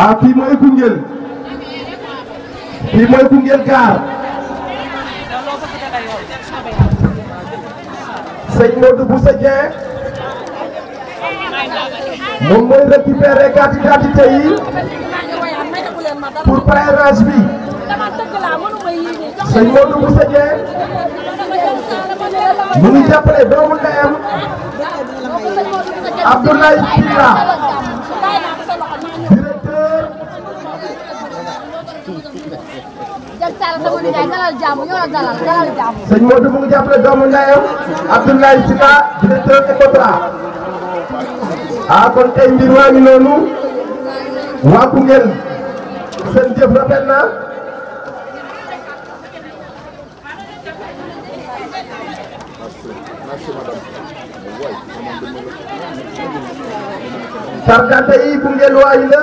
ah kii mooy Koungheul kii mooy Koungheul Gare sëñ Modou moom mooy récupérer carte d'identité yi pour parrainage bi sëñ Modou Boussa Dieng mu ngi jàppale doomu ndeyam Abdoulaye Pira. sëñ Modou mu ngi jàppale doomu ndeyam Abdoulaye Sika directeur ECOTRA ah kon tey mbir waa noonu waa Koungheul seen jëf rafet na sargante yi Koungheul waa yi la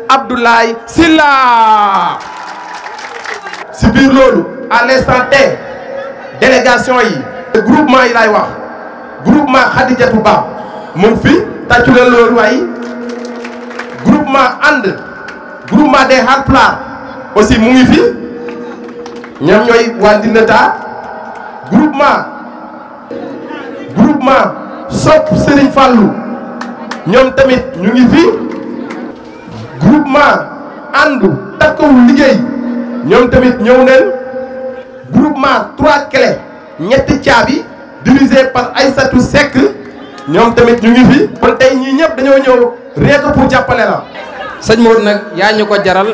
Abdoulaye Silla, si biir l'instant délégation yi groupement yi groupement Khadija Ba mu groupe fi tàccu leen le groupement des aussi groupe fi groupement groupement groupement àndu takkawu liggéey ñoom tamit ñëw neen groupement trois clés ñetti caabi dirigé par Aïssatou Seck ñoom tamit ñu ngi fi. kon tey ñii ñëpp dañoo ñëw rekk pour jàppale la. sëñ Modou nag yaa ñu ko jaral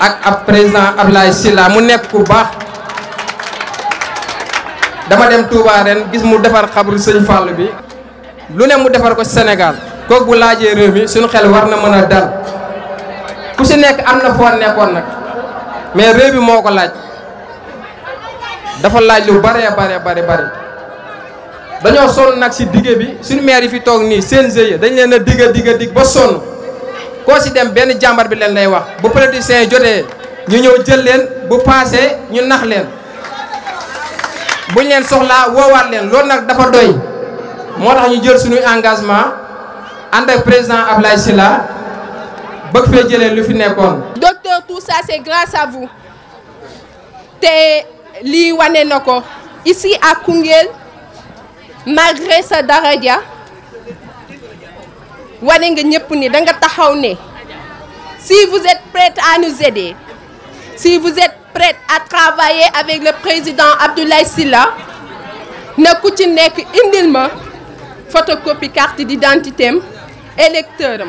ak ab président Ablaye Sylla mu nekk ku baax dama dem Touba ren gis mu defar xabru sëñ Fall bi. lu ne mu defar ko Sénégal kooku bu laajee réew mi suñu xel war na mën a dal. ku ci nekk am na foo nekkoon nag mais réew bi moo ko laaj dafa laaj lu bare bare bare bare dañoo sonn nag si digge bi suñu maire yi fi toog nii seen GIE dañ leen a digga digga dig ba sonn koo si dem benn jàmbar bi leen lay wax bu politicien yi jotee ñu ñëw jël leen bu paasee ñu nax leen buñ leen soxlaa woowaat leen loolu nag dafa doy moo tax ñu jël suñuy engagement ànd ak président Ablaye Sylla docteur tout ça c'est grâce à vous ici à Kungel, malgré sa daradia, wane nga si vous êtes prêts à nous aider si vous êtes prêts à travailler avec le président Abdoulaye Silla, nous coûtez ci nekk photocopie carte d'identité électeur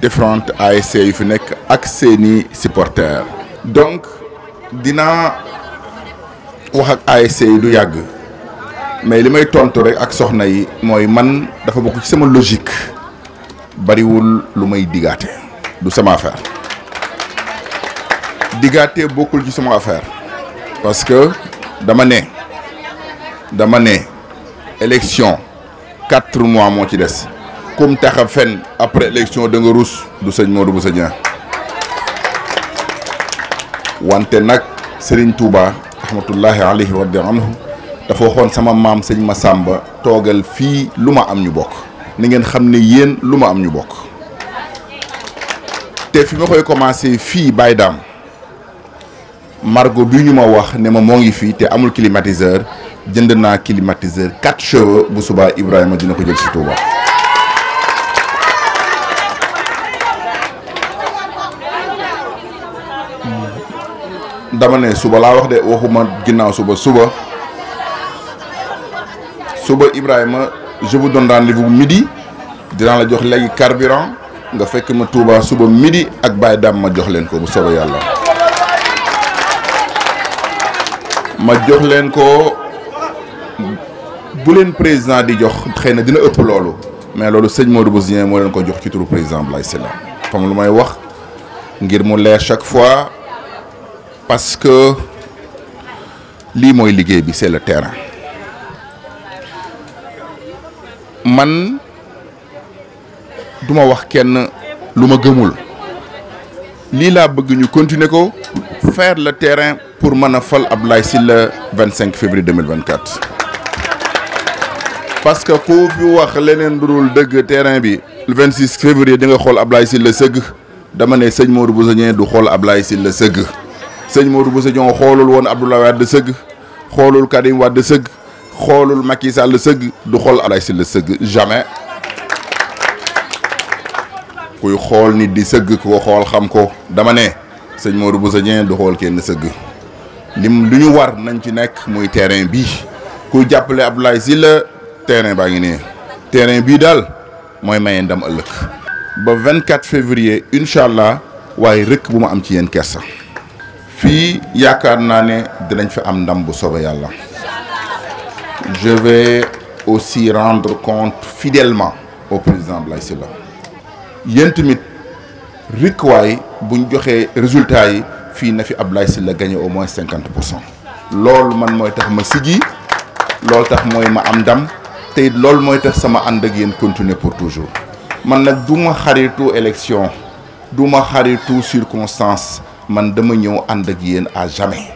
différentes ASC yu fi ak seeni supporters. donc dina, wax ak ASC yi du yàgg mais li may tontu rek ak soxna yi mooy man dafa bokk ci sama logique bariwul lu may digaate du sama affaire digaate bokkul ci sama affaire parce que dama ne dama ne élection quatre mois moo ci des. Comme tax après l'élection de nga rus du de Modou Bousso Dieng wante nag Touba rahmatullahi alayhi wa anhu dafa waxoon sama mam Seigneur Massamba toogal fi luma am ñu bokk ni ngeen xam ne yéen lu ma am ñu bokk te fi ma koy commencé fii Baye Dame bi ñu wax né ma ngi fii amul climatiseur jënd na climatiseur quatre chevaux bu subaa Ibrahima dina ko jël ci Touba. dama ne suba la wax de waxuma ginnaw suba suba suba Ibrahima je vous donne rendez-vous midi dinaa la jox léegi carburant nga fekk ma Touba suba midi ak Baye dam ma jox len ko bu soobee yàlla ma jox len ko bu len président di jox xëy dina ëpp lolu mais lolu sëñ Modou Bousso mo len ko jox ci turu président Blaye Sylla xam lu may wax ngir mu leer chaque fois parce que lii mooy liggéey bi c'est le terrain man du ma wax kenn lu ma gëmul lii que nous ñu continuer ko faire le terrain pour mën faire le Abdoulaye le 25 février 2024 parce que si vous wax leneen le terrain bi le 26 février di nga xool Abdoulaye Sylla sëgg dama ne sëñ Modou Bousso Dieng du xool Abdoulaye le sëgg sëñ Modou Bousso Dieng xoolul woon Abdoulaye Wade sëgg xoolul Karim Wade sëgg xoolul Macky Sall sëgg du xool Abdoulaye Sylla sëgg jamais kuy xool nit di sëgg ko xool xam ko dama ne sëñ Modou Bousso Dieng du xool kenn sëgg lim lu ñu war nañ ci nekk muy terrain bi ku jàppale Abdoulaye Sylla terrain baa ngi nii terrain bii daal mooy maye ndam ëllëg ba 24 février incha allah waaye rëkk bu ma am ci yéen kersa fii yaakaar naa dinañ fi am ndam bu yalla je vais aussi rendre compte fidèlement au président Blay Sylla yéen tamit rikwaay buñ joxé résultat yi fi na fi Ablaye Sylla gagné au moins 50%. pour man moy tax ma sigi loolu tax moy ma am ndam te it moy tax sama and ak yéen continuer pour toujours man nak duma ma xaritu élection duma ma xaritu circonstance man dama ñëw and ak yeen à jamais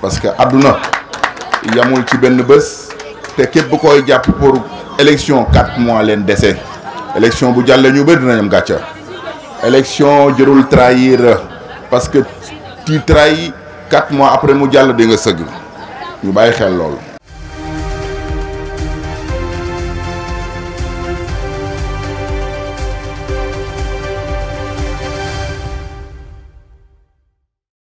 parce que aduna yamul ci benn bës te képp koy japp pour élection 4 mois len déssé élection bu jallé ñu bëd dinañ am gatcha élection jërul trahir parce que tu trahis 4 mois après mu jall de nga sëgg ñu bayyi xel loolu